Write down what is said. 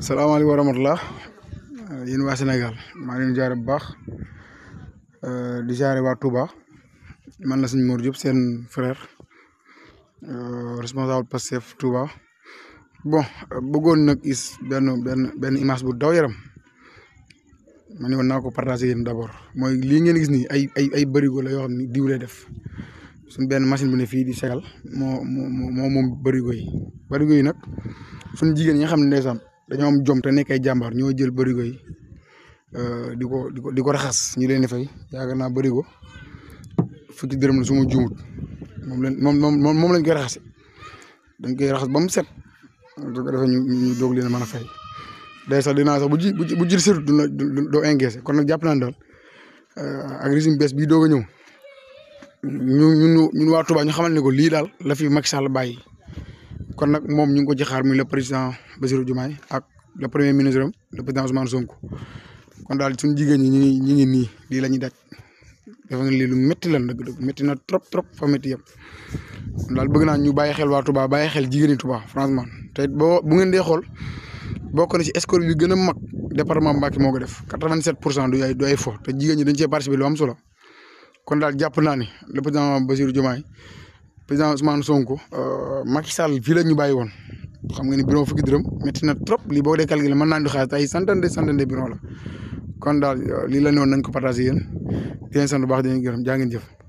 salaamaaleykum wa rahmatulah yéen waa Sénégal maa ngi leen jaare bu baax euh, di jaare waa Touba man la sëñ Mor Diop seen frère euh, responsable Pastef Touba bon bëggoon nag gis benn benn benn image bu daw yaram ma ne woon naa ko partagé yéen d'abord mooy lii ngeen gis nii ay barigo ay la yoo xam ne diw def suñ benn machine bu ne fii di segal moo moo moom bërigo yi bërigo yi nag suñ jigéen ñi nga xam ne ndeysaan dañoom am jom te nekk ay jàmbaar ñoo jël bërigo yi euh, di ko di di ko raxas ñu leen di fay yaakaar naa bërigo fukki dërëm la su ma juumut moom leen moom moom moom lañ koy raxase dañ koy raxas ba mu set ñu ñu doog mën a fay. day sax dinaa sax bu ji bu bu ji surtout du doo encaissé kon nag jàpp naa ne daal euh, ak régime bees bii ñëw ñu ñu ñun waa Touba ñu xamal ne ko lii daal la fi Macky Sall kon nag moom ñu ngi ko ci xaar muy le président Bassirou Diomaye ak le premier ministre am président Ousmane Sonko kon daal suñu jigéen ñi ñu ngi ñu ngi nii lii la ñuy daj dafa nga lii lu métti lan dëgg-dëgg métti na trop trop fa métti yëpp kon daal bëgg naa ñu bàyyi xel waa tubaa bàyyi xel jigéen ñi Touba franchement te boo bu ngeen dee xool bokk na ci escroc yu gën a mag département Mbacké moo ko def 87 pour cent du ay du ay te jigéen ñi dañ cee participer lu am solo kon daal jàpp naa ni le président Bassirou Diomaye président Ousmane Sonko euh, Macky Sall fii la ñu bàyyi woon xam nga ni bureau fukki dërëm métti na trop lii boo dee calculé mën naa di xaar ay centaine de centaine de bureau kon daal euh, lii la ne woon nañ ko partagé yéen di leen sant bu di leen gërëm jaa ngeen jëf.